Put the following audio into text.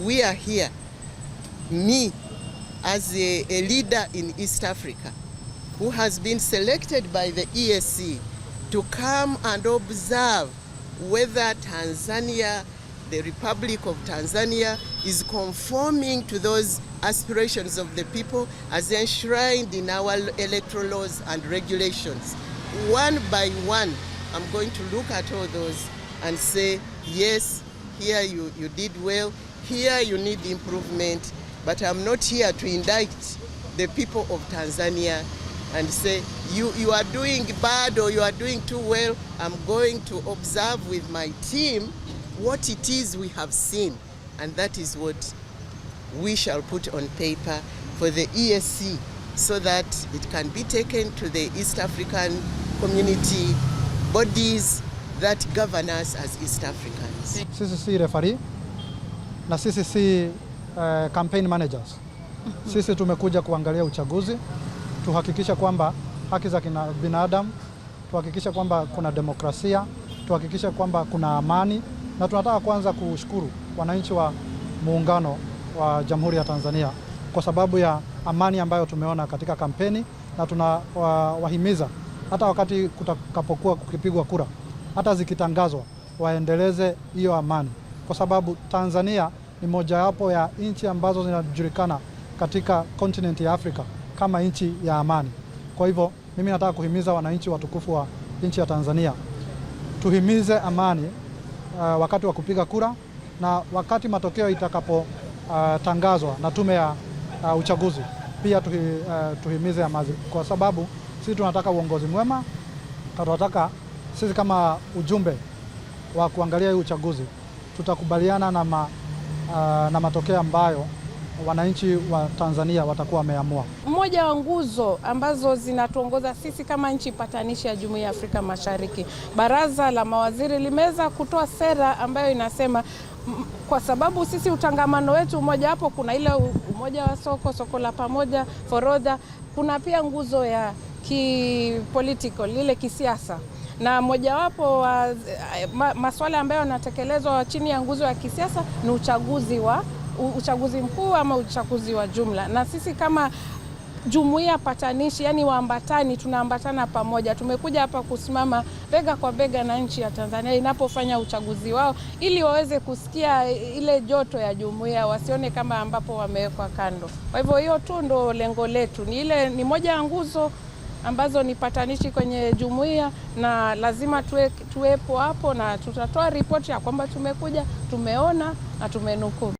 we are here me as a, a leader in East Africa who has been selected by the esc to come and observe whether Tanzania the Republic of Tanzania is conforming to those aspirations of the people as enshrined in our electoral laws and regulations. One by one, I'm going to look at all those and say, yes, here you, you did well, Here you need improvement, but I'm not here to indict the people of Tanzania and say you, you are doing bad or you are doing too well. I'm going to observe with my team what it is we have seen and that is what we shall put on paper for the ESC so that it can be taken to the East African community bodies that govern us as East Africans. Sisi si referee na sisi si uh, campaign managers. Mhm. Sisi tumekuja kuangalia uchaguzi, tuhakikisha kwamba haki za binadamu, tuhakikisha kwamba kuna demokrasia, tuhakikisha kwamba kuna amani, na tunataka kwanza kushukuru wananchi wa muungano wa Jamhuri ya Tanzania kwa sababu ya amani ambayo tumeona katika kampeni, na tunawahimiza hata wakati kutakapokuwa kukipigwa kura, hata zikitangazwa, waendeleze hiyo amani kwa sababu Tanzania ni mojawapo ya nchi ambazo zinajulikana katika kontinenti ya Afrika kama nchi ya amani. Kwa hivyo mimi nataka kuhimiza wananchi watukufu wa nchi ya Tanzania tuhimize amani uh, wakati wa kupiga kura na wakati matokeo itakapotangazwa uh, na tume ya uh, uchaguzi pia tuhi, uh, tuhimize amani, kwa sababu sisi tunataka uongozi mwema. Tunataka sisi kama ujumbe wa kuangalia hii uchaguzi tutakubaliana na ma Ah, na matokeo ambayo wananchi wa Tanzania watakuwa wameamua. Mmoja wa nguzo ambazo zinatuongoza sisi kama nchi patanishi ya Jumuiya ya Afrika Mashariki, baraza la mawaziri limeweza kutoa sera ambayo inasema kwa sababu sisi utangamano wetu umoja, hapo kuna ile umoja wa soko, soko la pamoja, forodha, kuna pia nguzo ya kipolitiko, lile kisiasa na mojawapo wa eh, masuala ambayo yanatekelezwa chini ya nguzo ya kisiasa ni uchaguzi wa uchaguzi mkuu ama uchaguzi wa jumla, na sisi kama jumuiya patanishi, yani waambatani, tunaambatana pamoja. Tumekuja hapa kusimama bega kwa bega na nchi ya Tanzania inapofanya uchaguzi wao, ili waweze kusikia ile joto ya jumuiya, wasione kama ambapo wamewekwa kando. Kwa hivyo hiyo tu ndo lengo letu, ni ile ni moja ya nguzo ambazo ni patanishi kwenye jumuiya, na lazima tuwe, tuwepo hapo na tutatoa ripoti ya kwamba tumekuja, tumeona na tumenukuu.